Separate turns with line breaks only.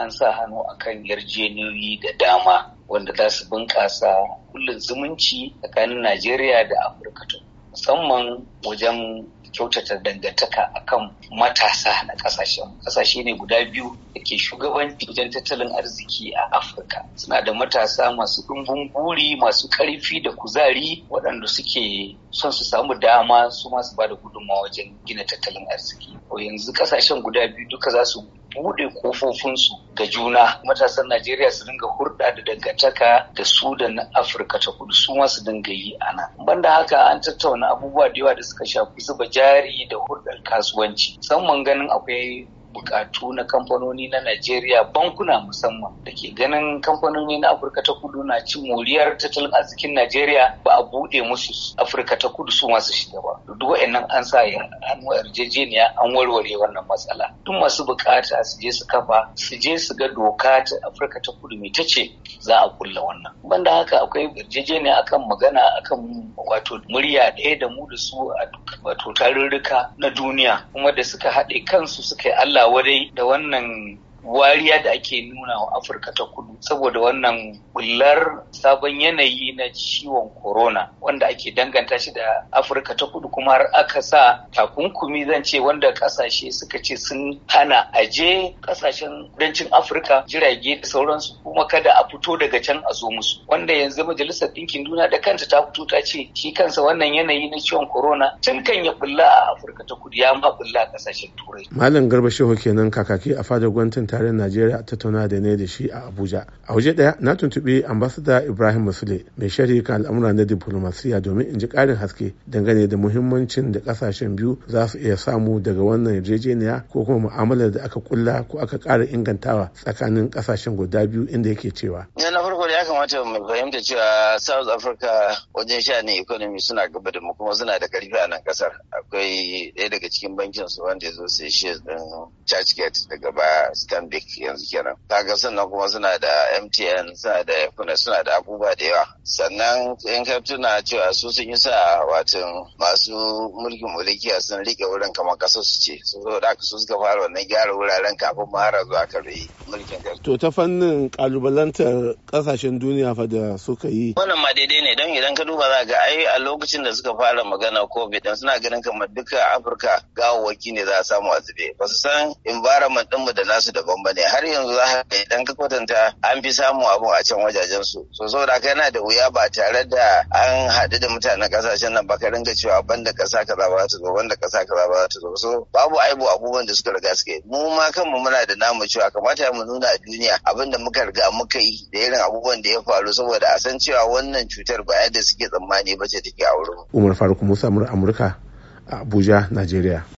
an sa hannu a kan yarjejeniyoyi da dama wanda za su bunƙasa kullum zumunci tsakanin Najeriya da Afirka ta musamman wajen kyautata dangantaka akan matasa na kasashen Ƙasashe ne guda biyu da ke shugabanci wajen tattalin arziki a afirka suna da matasa masu ɗumbin buri masu ƙarfi da kuzari waɗanda suke son su samu dama su masu ba da gudunmawa wajen gina tattalin arziki yanzu ƙasashen guda biyu duka za su buɗe kofofinsu ga juna matasan Najeriya su dinga hurɗa da dangantaka da su da na Afirka ta kudu su ma su dinga yi a nan. Banda haka an tattauna abubuwa da yawa da suka shafi zuba jari da hurɗar kasuwanci. Musamman ganin akwai bukatu na kamfanoni na Najeriya bankuna musamman da ke ganin kamfanoni na Afirka ta Kudu na cin moriyar tattalin arzikin Najeriya ba a buɗe musu Afirka ta Kudu su masu shiga ba. Duk wa'annan an sa an yarjejeniya an warware wannan matsala. Duk masu bukata su je su kafa su je su ga doka ta Afirka ta Kudu mai ta ce za a kulla wannan. Banda haka akwai yarjejeniya akan magana akan wato murya ɗaya da mu da su a wato tarurruka na duniya kuma da suka haɗe kansu suka yi Allah Allah wadai da wannan wariya da ake nuna wa Afirka ta kudu saboda wannan bullar sabon yanayi na ciwon corona wanda ake danganta shi da afirka ta kudu kuma har aka sa takunkumi zan ce wanda kasashe suka ce sun hana aje kasashen kudancin afirka jirage da sauransu kuma kada a fito daga can a zo musu wanda yanzu majalisar ɗinkin duniya da kanta ta fito ta ce shi kansa wannan yanayi na ciwon corona tun kan ya bulla a afirka ta kudu ya ma bulla a kasashen turai
malam garba shehu kenan kakaki a fadar gwamnatin tarayyar najeriya tattauna da ne da shi a abuja a waje daya na tuntuɓi ambasada ibrahim musule mai shari'a kan al'amura na diplomasiya domin in ji karin haske dangane da muhimmancin da ƙasashen biyu za su iya samu daga wannan yarjejeniya ko kuma mu'amalar da aka kulla ko aka kara ingantawa tsakanin kasashen guda biyu inda yake cewa
ya kamata mu fahimta cewa South Africa wajen ne economy suna gaba da mu kuma suna da karfi a nan kasar. Akwai ɗaya daga cikin bankin su wanda ya zo sai shares din Churchgate daga ba Stanbic yanzu kenan. Kaga sannan kuma suna da MTN suna da kuma suna da abubuwa da yawa. Sannan in ka tuna cewa su sun yi sa watan masu mulkin mulkiya sun rike wurin kamar kasar su ce. Su zo da aka su suka fara wannan gyara wuraren kafin mahara zuwa kare
mulkin To ta fannin kalubalantar kasashen kasashen duniya fa da suka yi.
Wannan ma daidai ne don idan ka duba za ga ai a lokacin da suka fara magana COVID dan suna ganin kamar duka Afirka gawawwaki ne za a samu a zube. Ba su san environment ɗinmu da nasu daban ba ne har yanzu za ka idan ka kwatanta an fi samu abu a can wajajen su. So saboda haka yana da wuya ba tare da an haɗu da mutanen kasashen nan ba ka ringa cewa banda ƙasa kaza ba za ta zo banda ƙasa kaza ba za ta zo. So babu aibu abubuwan da suka riga suka Mu ma kanmu muna da namu cewa kamata mu nuna a duniya abin da muka riga muka yi da irin abubuwan da ya faru saboda a san cewa wannan cutar ba yadda suke tsammani ba ce take a wurin.
Umar Faruk Musa Amurka a Abuja, Najeriya.